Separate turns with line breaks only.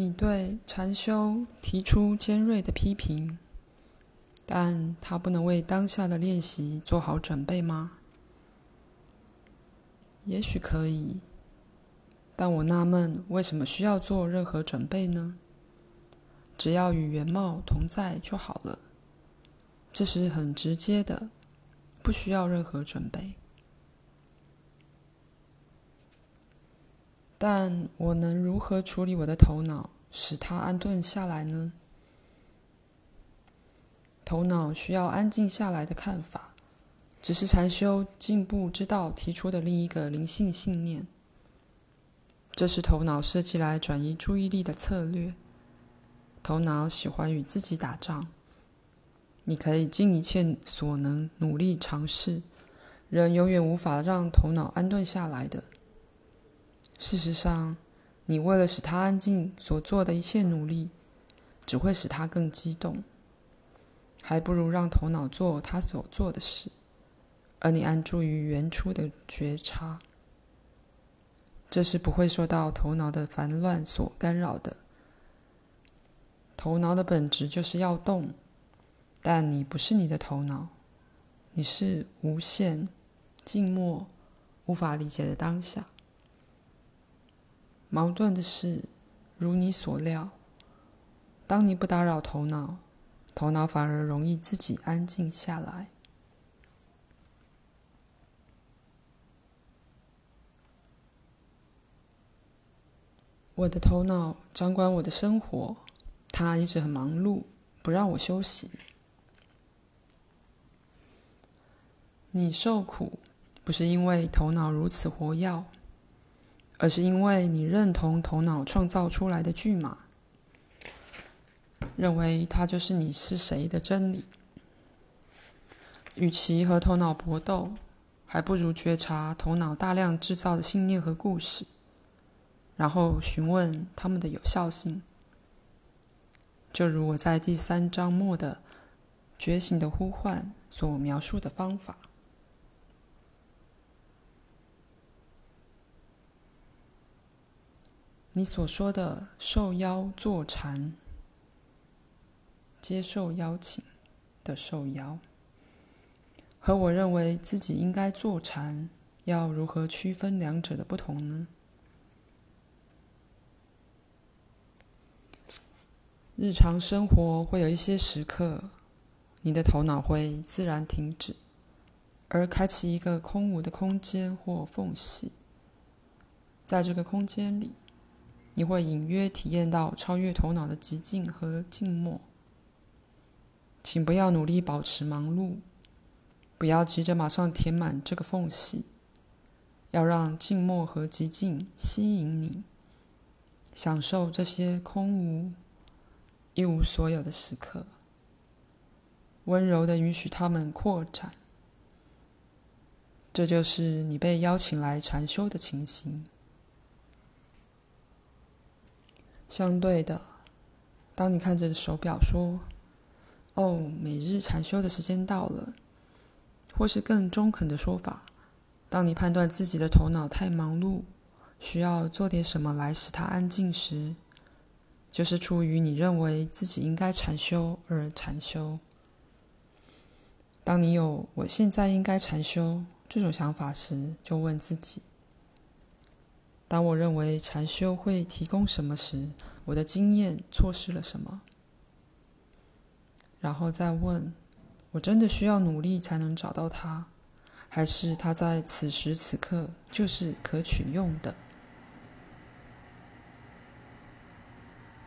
你對禪修提出尖銳的批評，但他不能為當下的練習做好準備嗎？也許可以，但我納悶為什麼需要做任何準備呢？只要與原貌同在就好了，這是很直接的，不需要任何準備。但我能如何處理我的頭腦，使它安頓下來呢？頭腦需要安靜下來的看法，只是禪修進步之道提出的另一個靈性信念。這是頭腦設計來轉移注意力的策略。頭腦喜歡與自己打仗。你可以盡一切所能努力嘗試，人永遠無法讓頭腦安頓下來的。事實上，你為了使他安靜所做的一切努力，只會使他更激動。還不如讓頭腦做他所做的事，而你安住於原初的覺察。這是不會受到頭腦的煩亂所干擾的。頭腦的本質就是要動，但你不是你的頭腦，你是無限、靜默、無法理解的當下。矛盾的是，如你所料，當你不打擾頭腦，頭腦反而容易自己安靜下來。我的頭腦掌管我的生活，它一直很忙碌，不讓我休息。你受苦，不是因為頭腦如此活躍。而是因為你認同頭腦創造出來的劇碼，認為它就是你是誰的真理。與其和頭腦搏鬥，還不如覺察頭腦大量制造的信念和故事，然後詢問它們的有效性。就如我在第三章末的《覺醒的呼喚》所描述的方法。你所說的受邀坐禪，接受邀請的受邀，和我認為自己應該坐禪，要如何區分兩者的不同呢？日常生活會有一些時刻，你的頭腦會自然停止，而開啟一個空無的空間或縫隙，在這個空間裡。你會隱約體驗到超越頭腦的寂靜和靜默，請不要努力保持忙碌，不要急着馬上填滿這個縫隙，要讓靜默和寂靜吸引你，享受這些空無、一無所有的時刻，溫柔地允許它們擴展。這就是你被邀請來禪修的情形。相對的，當你看着手表說：“哦，每日禪修的時間到了。”或是更中肯的說法，當你判斷自己的頭腦太忙碌，需要做點什麼來使它安靜時，就是出於你認為自己應該禪修而禪修。當你有“我現在應該禪修”這種想法時，就問自己。當我認為禪修會提供什麼時，我的經驗錯失了什麼？然後再問，我真的需要努力才能找到它，還是它在此時此刻就是可取用的？